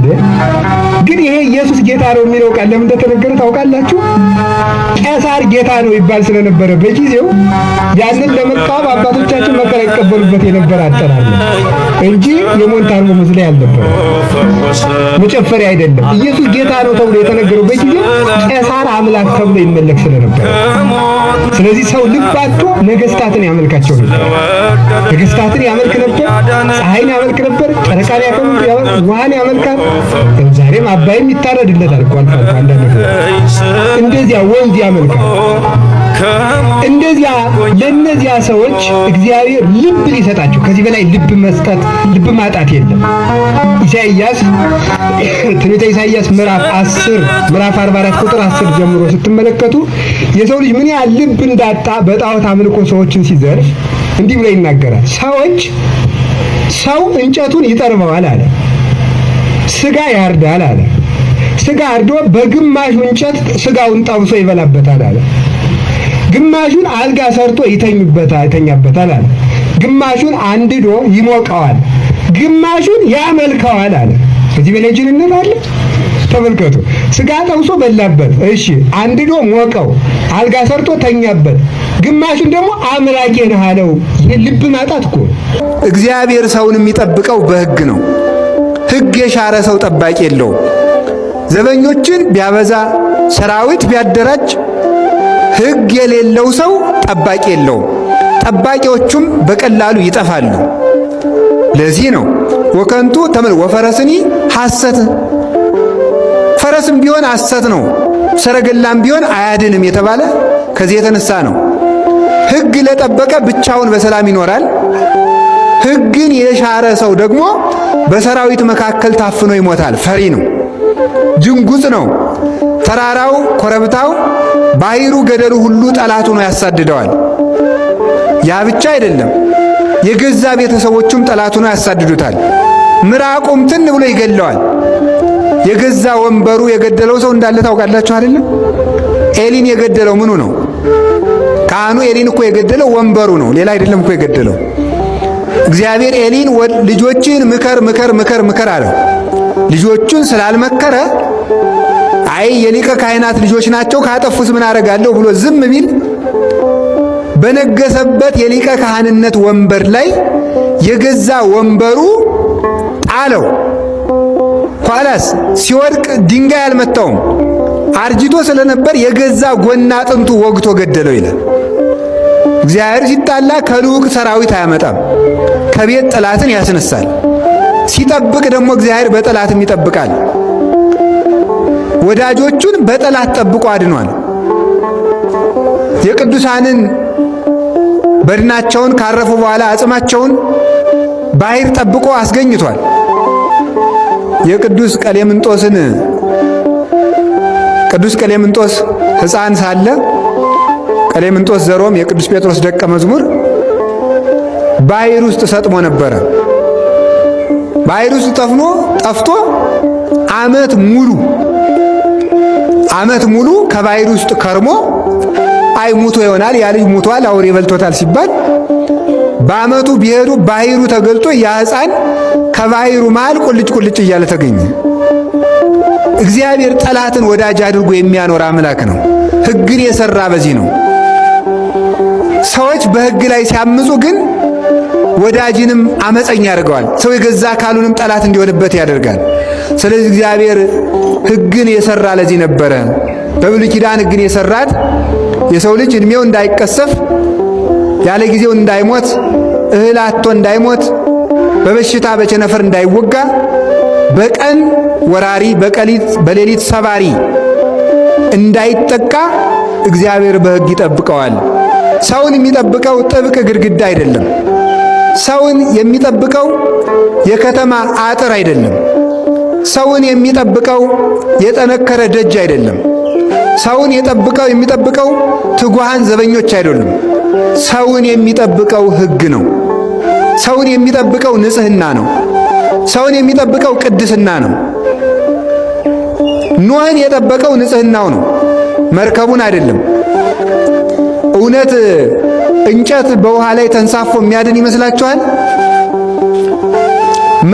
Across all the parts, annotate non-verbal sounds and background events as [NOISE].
对。እንግዲህ ይሄ ኢየሱስ ጌታ ነው የሚለው ቃል ለምን እንደተነገረ ታውቃላችሁ? ቄሳር ጌታ ነው ይባል ስለነበረ በጊዜው ያንን ለመቃወም አባቶቻችን መከራ ይቀበሉበት የነበረ አጠራር እንጂ የሞንታርቦ መዝለያ አልነበረ፣ መጨፈሪያ አይደለም። ኢየሱስ ጌታ ነው ተብሎ የተነገረው በጊዜው ቄሳር አምላክ ተብሎ ይመለክ ስለነበረ፣ ስለዚህ ሰው ልብ ነገስታትን ያመልካቸው ነበር። ነገስታትን ያመልክ ነበር፣ ፀሐይን ያመልክ ነበር፣ ጨረቃን ያመልክ ውሃን ያመልካል። ዛሬም አባ ተባይም ይታረድለታል። እንደዚያ ወንዝ ያመልካል። እንደዚያ ለእነዚያ ሰዎች እግዚአብሔር ልብ ሊሰጣቸው ከዚህ በላይ ልብ መስጠት ልብ ማጣት የለም። ኢሳይያስ ትንቢተ ኢሳይያስ ምዕራፍ 10 ምዕራፍ 44 ቁጥር 10 ጀምሮ ስትመለከቱ የሰው ልጅ ምን ያህል ልብ እንዳጣ በጣዖት አምልኮ ሰዎችን ሲዘርፍ እንዲህ ብሎ ይናገራል። ሰዎች ሰው እንጨቱን ይጠርበዋል አለ፣ ስጋ ያርዳል አለ ስጋ አርዶ በግማሹ እንጨት ስጋውን ጠብሶ ይበላበታል አለ። ግማሹን አልጋ ሰርቶ ይተኝበታል ይተኛበታል አለ። ግማሹን አንድዶ ይሞቀዋል፣ ግማሹን ያመልከዋል አለ። እዚህ በላይ እንላለ። አለ። ተመልከቱ። ስጋ ጠብሶ በላበት፣ እሺ፣ አንድዶ ሞቀው፣ አልጋ ሰርቶ ተኛበት። ግማሹን ደግሞ አምላኬ ነህ አለው። ልብ ማጣት እኮ እግዚአብሔር ሰውን የሚጠብቀው በህግ ነው። ህግ የሻረ ሰው ጠባቂ የለውም። ዘበኞችን ቢያበዛ ሰራዊት ቢያደራጅ ሕግ የሌለው ሰው ጠባቂ የለውም፣ ጠባቂዎቹም በቀላሉ ይጠፋሉ። ለዚህ ነው ወከንቱ ተመል ወፈረስኒ ሐሰት ፈረስም ቢሆን ሐሰት ነው፣ ሰረገላም ቢሆን አያድንም የተባለ ከዚህ የተነሳ ነው። ሕግ ለጠበቀ ብቻውን በሰላም ይኖራል። ሕግን የሻረ ሰው ደግሞ በሰራዊት መካከል ታፍኖ ይሞታል፣ ፈሪ ነው። ጅንጉጥ ነው። ተራራው፣ ኮረብታው፣ ባህሩ፣ ገደሉ ሁሉ ጠላቱ ነው፣ ያሳድደዋል። ያ ብቻ አይደለም፣ የገዛ ቤተሰቦቹም ጠላቱ ነው፣ ያሳድዱታል። ምራቁም ትን ብሎ ይገለዋል። የገዛ ወንበሩ የገደለው ሰው እንዳለ ታውቃላችሁ አይደለም? ኤሊን የገደለው ምኑ ነው? ካህኑ ኤሊን እኮ የገደለው ወንበሩ ነው፣ ሌላ አይደለም እኮ የገደለው። እግዚአብሔር ኤሊን ልጆችን ምከር ምከር ምከር ምከር አለው። ልጆቹን ስላልመከረ አይ የሊቀ ካህናት ልጆች ናቸው ካጠፉስ ምን አደርጋለሁ ብሎ ዝም ቢል በነገሰበት የሊቀ ካህንነት ወንበር ላይ የገዛ ወንበሩ ጣለው። ኋላስ ሲወድቅ ድንጋይ አልመታውም፣ አርጅቶ ስለነበር የገዛ ጎና አጥንቱ ወግቶ ገደለው ይላል። እግዚአብሔር ሲጣላ ከልዑቅ ሰራዊት አያመጣም፣ ከቤት ጠላትን ያስነሳል። ሲጠብቅ ደግሞ እግዚአብሔር በጠላትም ይጠብቃል። ወዳጆቹን በጠላት ጠብቆ አድኗል። የቅዱሳንን በድናቸውን ካረፉ በኋላ አጽማቸውን ባህር ጠብቆ አስገኝቷል። የቅዱስ ቀሌምንጦስን ቅዱስ ቀሌምንጦስ ሕፃን ሳለ ቀሌምንጦስ ዘሮም የቅዱስ ጴጥሮስ ደቀ መዝሙር ባህር ውስጥ ሰጥሞ ነበረ። ቫይረሱ ጠፍኖ ጠፍቶ አመት ሙሉ አመት ሙሉ ከባህር ውስጥ ከርሞ አይ ሙቶ ይሆናል ያ ልጅ ሙቷል አውሬ በልቶታል ሲባል በአመቱ ቢሄዱ ባህሩ ተገልጦ ያ ህፃን ከባህሩ መሃል ቁልጭ ቁልጭ እያለ ተገኘ። እግዚአብሔር ጠላትን ወዳጅ አድርጎ የሚያኖር አምላክ ነው። ህግን የሰራ በዚህ ነው። ሰዎች በህግ ላይ ሲያምፁ ግን ወዳጅንም አመፀኛ ያደርገዋል። ሰው የገዛ አካሉንም ጠላት እንዲሆንበት ያደርጋል። ስለዚህ እግዚአብሔር ሕግን የሰራ ለዚህ ነበረ። በብሉይ ኪዳን ሕግን የሰራት የሰው ልጅ እድሜው እንዳይቀሰፍ ያለ ጊዜው እንዳይሞት እህል አቶ እንዳይሞት በበሽታ በቸነፈር እንዳይወጋ በቀን ወራሪ በቀሊት በሌሊት ሰባሪ እንዳይጠቃ እግዚአብሔር በሕግ ይጠብቀዋል። ሰውን የሚጠብቀው ጥብቅ ግድግዳ አይደለም። ሰውን የሚጠብቀው የከተማ አጥር አይደለም። ሰውን የሚጠብቀው የጠነከረ ደጅ አይደለም። ሰውን የጠብቀው የሚጠብቀው ትጉሃን ዘበኞች አይደሉም። ሰውን የሚጠብቀው ሕግ ነው። ሰውን የሚጠብቀው ንጽህና ነው። ሰውን የሚጠብቀው ቅድስና ነው። ኖህን የጠበቀው ንጽህናው ነው፣ መርከቡን አይደለም። እውነት እንጨት በውሃ ላይ ተንሳፎ የሚያድን ይመስላችኋል?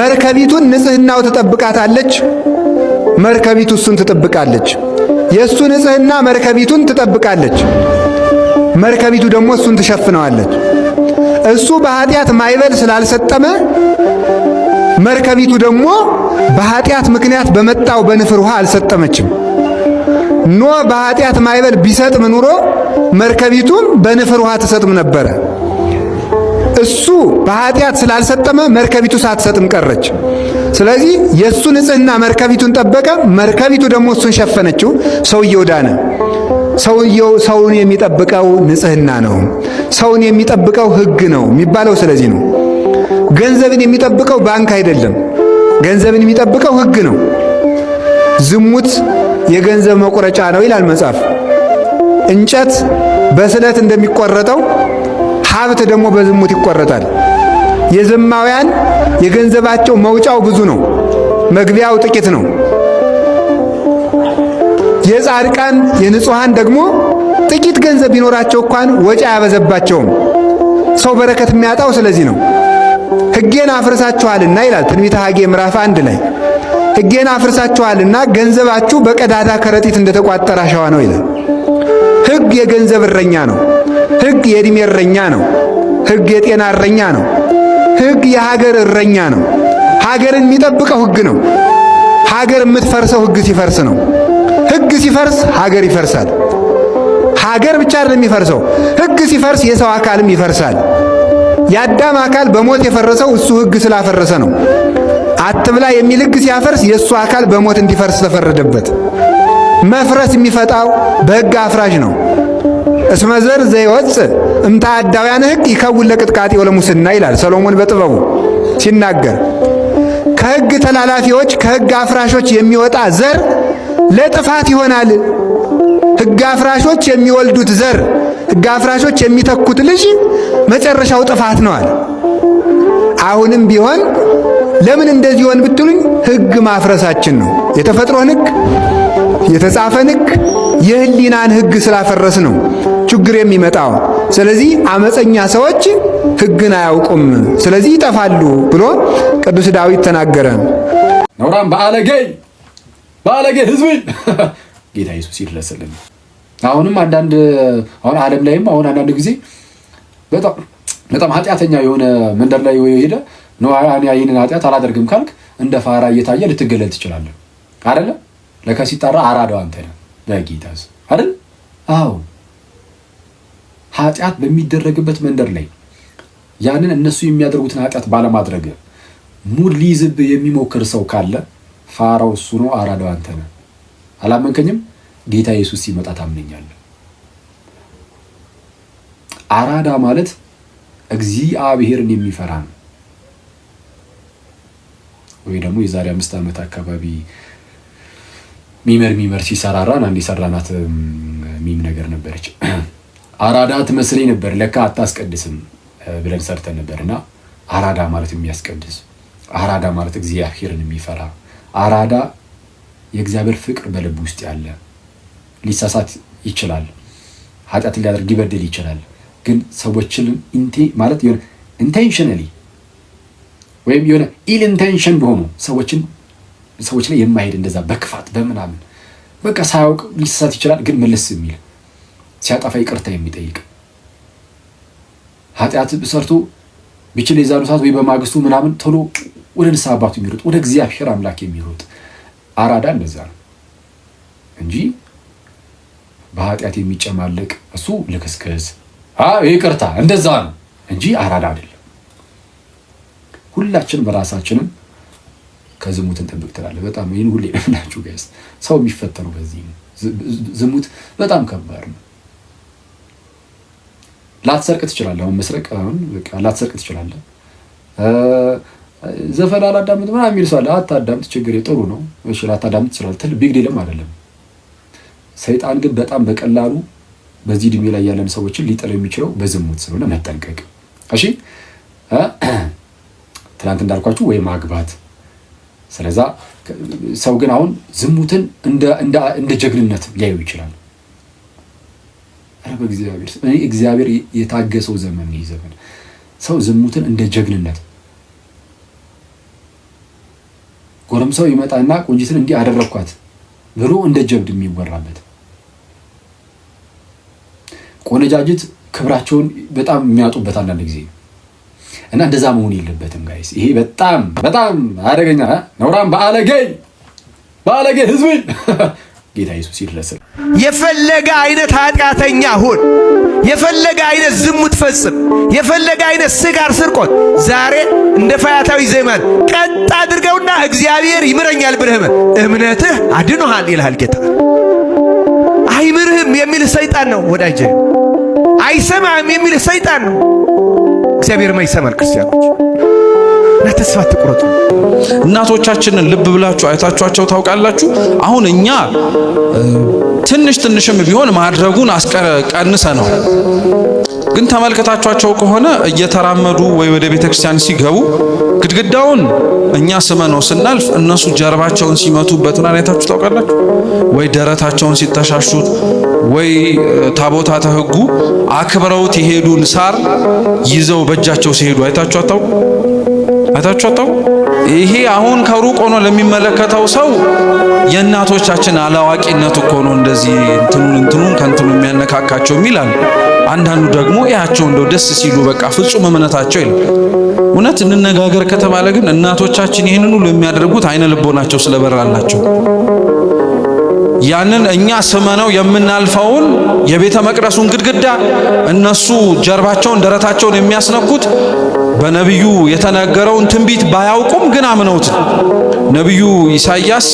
መርከቢቱን ንጽህናው ትጠብቃታለች። መርከቢቱ እሱን ትጠብቃለች። የእሱ ንጽህና መርከቢቱን ትጠብቃለች። መርከቢቱ ደግሞ እሱን ትሸፍነዋለች። እሱ በኃጢአት ማይበል ስላልሰጠመ መርከቢቱ ደግሞ በኃጢአት ምክንያት በመጣው በንፍር ውሃ አልሰጠመችም። ኖ በኃጢአት ማይበል ቢሰጥም ኑሮ መርከቢቱም በንፍር ውሃ ትሰጥም ነበረ። እሱ በኃጢአት ስላልሰጠመ መርከቢቱ ሳትሰጥም ቀረች። ስለዚህ የእሱ ንጽህና መርከቢቱን ጠበቀ፣ መርከቢቱ ደግሞ እሱን ሸፈነችው። ሰውየው ዳነ። ሰውየው ሰውን የሚጠብቀው ንጽህና ነው፣ ሰውን የሚጠብቀው ህግ ነው የሚባለው። ስለዚህ ነው ገንዘብን የሚጠብቀው ባንክ አይደለም፣ ገንዘብን የሚጠብቀው ህግ ነው። ዝሙት የገንዘብ መቁረጫ ነው ይላል መጽሐፍ። እንጨት በስለት እንደሚቆረጠው ሀብት ደግሞ በዝሙት ይቆረጣል። የዘማውያን የገንዘባቸው መውጫው ብዙ ነው፣ መግቢያው ጥቂት ነው። የጻድቃን የንጹሐን ደግሞ ጥቂት ገንዘብ ቢኖራቸው እንኳን ወጪ አያበዘባቸውም። ሰው በረከት የሚያጣው ስለዚህ ነው። ሕጌን አፍርሳችኋልና ይላል ትንቢተ ሐጌ ምዕራፍ አንድ ላይ ሕጌን አፍርሳችኋልና ገንዘባችሁ በቀዳዳ ከረጢት እንደተቋጠረ አሸዋ ነው ይላል። ሕግ የገንዘብ እረኛ ነው። ሕግ የዕድሜ እረኛ ነው። ሕግ የጤና እረኛ ነው። ሕግ የሀገር እረኛ ነው። ሀገርን የሚጠብቀው ሕግ ነው። ሀገር የምትፈርሰው ሕግ ሲፈርስ ነው። ሕግ ሲፈርስ ሀገር ይፈርሳል። ሀገር ብቻ አይደለም የሚፈርሰው፣ ሕግ ሲፈርስ የሰው አካልም ይፈርሳል። የአዳም አካል በሞት የፈረሰው እሱ ሕግ ስላፈረሰ ነው። አትብላ የሚል ሕግ ሲያፈርስ የእሱ አካል በሞት እንዲፈርስ ተፈረደበት። መፍረስ የሚፈጣው በሕግ አፍራሽ ነው። እስመዘር ዘይወፅ እምታአዳውያን ሕግ ይከውን ለቅጥቃጤ ወለሙስና ይላል ሰሎሞን በጥበቡ ሲናገር ከሕግ ተላላፊዎች ከሕግ አፍራሾች የሚወጣ ዘር ለጥፋት ይሆናል። ሕግ አፍራሾች የሚወልዱት ዘር ሕግ አፍራሾች የሚተኩት ልጅ መጨረሻው ጥፋት ነዋል። አሁንም ቢሆን ለምን እንደዚህ ሆን ብትሉኝ ህግ ማፍረሳችን ነው። የተፈጥሮን ህግ፣ የተጻፈን ህግ፣ የህሊናን ህግ ስላፈረስ ነው ችግር የሚመጣው። ስለዚህ አመፀኛ ሰዎች ህግን አያውቁም፣ ስለዚህ ይጠፋሉ ብሎ ቅዱስ ዳዊት ተናገረ። ነውራም በአለጌ በአለጌ ህዝብ [LAUGHS] ጌታ ኢየሱስ ይድረስልን። አሁንም አንዳንድ አሁን ዓለም ላይም አሁን አንዳንድ ጊዜ በጣም በጣም ኃጢአተኛ የሆነ መንደር ላይ የሄደ ነው ይህንን ኃጢአት አላደርግም ካልክ እንደ ፋራ እየታየ ልትገለል ትችላለህ። አደለ ለካ ሲጣራ አራዳው አንተ ነህ በጌታስ አይደል? አዎ ኃጢአት በሚደረግበት መንደር ላይ ያንን እነሱ የሚያደርጉትን ኃጢአት ባለማድረግ ሙድ ሊይዝብ የሚሞክር ሰው ካለ ፋራው እሱ ነው፣ አራዳው አንተ ነህ። አላመንከኝም? ጌታ ኢየሱስ ሲመጣ ታምነኛለህ። አራዳ ማለት እግዚአብሔርን የሚፈራ ነው። ወይ ደግሞ የዛሬ አምስት ዓመት አካባቢ ሚመር ሚመር ሲሰራራን አንድ የሰራናት ሚም ነገር ነበረች። [CLEARS THROAT] አራዳ ትመስለኝ ነበር ለካ አታስቀድስም ብለን ሰርተን ነበር እና አራዳ ማለት የሚያስቀድስ አራዳ ማለት እግዚአብሔርን የሚፈራ አራዳ የእግዚአብሔር ፍቅር በልብ ውስጥ ያለ ሊሳሳት ይችላል፣ ኃጢአትን ሊያደርግ ሊበድል ይችላል። ግን ሰዎችን ማለት ኢንቴንሽነሊ ወይም የሆነ ኢል ኢንቴንሽን በሆኑ ሰዎችን ሰዎች ላይ የማይሄድ እንደዛ በክፋት በምናምን በቃ ሳያውቅ ሊሳሳት ይችላል፣ ግን መለስ የሚል ሲያጠፋ ይቅርታ የሚጠይቅ ኃጢአት ሰርቶ ቢችል የዛሉ ሰዓት ወይ በማግስቱ ምናምን ቶሎ ወደ ንስሐ አባቱ የሚሮጥ ወደ እግዚአብሔር አምላክ የሚሮጥ አራዳ እንደዛ ነው እንጂ በኃጢአት የሚጨማለቅ እሱ ልክስክስ ይቅርታ እንደዛ ነው እንጂ አራዳ አይደለም። ሁላችን በራሳችንም ከዝሙት እንጠብቅ ትላለህ። በጣም ይህን ሁሌ ናችሁ ጋይስ፣ ሰው የሚፈተነው በዚህ ነው። ዝሙት በጣም ከባድ ነው። ላትሰርቅ ትችላለህ። አሁን መስረቅ አሁን በቃ ላትሰርቅ ትችላለህ። ዘፈን አላዳምጥ ምናምን የሚል ሰው አለ። አታዳምጥ፣ ችግር ጥሩ ነው። እሺ ላታዳምጥ ትችላለህ። ትል ቢግ ዲልም አይደለም። ሰይጣን ግን በጣም በቀላሉ በዚህ እድሜ ላይ ያለን ሰዎችን ሊጥል የሚችለው በዝሙት ስለሆነ መጠንቀቅ እሺ ትናንት እንዳልኳችሁ ወይ ማግባት። ስለዛ ሰው ግን አሁን ዝሙትን እንደ ጀግንነት ሊያዩ ይችላል። በእግዚአብሔር እግዚአብሔር የታገሰው ዘመን ይህ ዘመን ሰው ዝሙትን እንደ ጀግንነት ጎረምሳው ይመጣና ቆንጂትን እንዲህ አደረግኳት ብሎ እንደ ጀብድ የሚወራበት ቆነጃጅት ክብራቸውን በጣም የሚያጡበት አንዳንድ ጊዜ እና እንደዛ መሆን የለበትም ጋይስ። ይሄ በጣም በጣም አደገኛ ነውራም በአለጌ በአለጌ ህዝብ [LAUGHS] ጌታ ኢየሱስ ይድረስ። የፈለገ አይነት ኃጢአተኛ ሁን፣ የፈለገ አይነት ዝሙት ፈጽም፣ የፈለገ አይነት ስጋር ስርቆት፣ ዛሬ እንደ ፈያታዊ ዘየማን ቀጥ አድርገውና እግዚአብሔር ይምረኛል ብለህ እምነትህ አድኖሃል ይልሃል ጌታ። አይምርህም የሚል ሰይጣን ነው ወዳጄ፣ አይሰማህም የሚል ሰይጣን ነው። እግዚአብሔር ማይሰማን ክርስቲያኖች እና ተስፋ አትቁረጡ። እናቶቻችንን ልብ ብላችሁ አይታችኋቸው ታውቃላችሁ? አሁን እኛ ትንሽ ትንሽም ቢሆን ማድረጉን ቀንሰ ነው። ግን ተመልከታችኋቸው ከሆነ እየተራመዱ ወይ ወደ ቤተ ክርስቲያን ሲገቡ ግድግዳውን እኛ ስመ ነው ስናልፍ እነሱ ጀርባቸውን ሲመቱበት ምናምን አይታችሁ ታውቃላችሁ? ወይ ደረታቸውን ሲተሻሹት ወይ ታቦታተ ሕጉ አክብረውት የሄዱን ሳር ይዘው በእጃቸው ሲሄዱ አይታችሁ አታው አይታችሁ አታው። ይሄ አሁን ከሩቅ ሆኖ ለሚመለከተው ሰው የእናቶቻችን አላዋቂነት እኮ ነው እንደዚህ እንትኑን እንትኑን ከእንትኑ የሚያነካካቸው ይላል። አንዳንዱ ደግሞ ያቸው እንደው ደስ ሲሉ በቃ ፍጹም እምነታቸው ይላል። እውነት እንነጋገር ከተባለ ግን እናቶቻችን ይህንን ሁሉ የሚያደርጉት አይነ ልቦናቸው ስለበራላቸው ያንን እኛ ስመነው የምናልፈውን የቤተ መቅደሱን ግድግዳ እነሱ ጀርባቸውን ደረታቸውን የሚያስነኩት በነቢዩ የተነገረውን ትንቢት ባያውቁም ግን አምነውት ነቢዩ ኢሳይያስ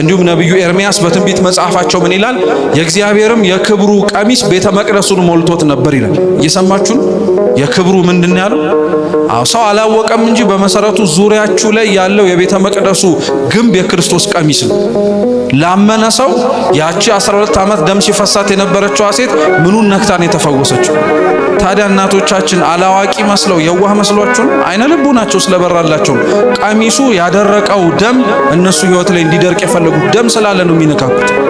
እንዲሁም ነቢዩ ኤርሚያስ በትንቢት መጽሐፋቸው ምን ይላል? የእግዚአብሔርም የክብሩ ቀሚስ ቤተ መቅደሱን ሞልቶት ነበር ይላል። እየሰማችሁ ነው። የክብሩ ምንድን ያለው ሰው አላወቀም እንጂ በመሰረቱ ዙሪያችሁ ላይ ያለው የቤተ መቅደሱ ግንብ የክርስቶስ ቀሚስ ነው። ላመነ ሰው ያቺ 12 ዓመት ደም ሲፈሳት የነበረችዋ ሴት ምኑን ነክታን የተፈወሰችው? ታዲያ እናቶቻችን አላዋቂ መስለው የዋህ መስሏችሁ አይነ ናቸው ስለበራላቸው ቀሚሱ ያደረቀው ደም እነሱ ህይወት ላይ እንዲደርቅ የፈለጉት ደም ስላለ ነው የሚነካኩት።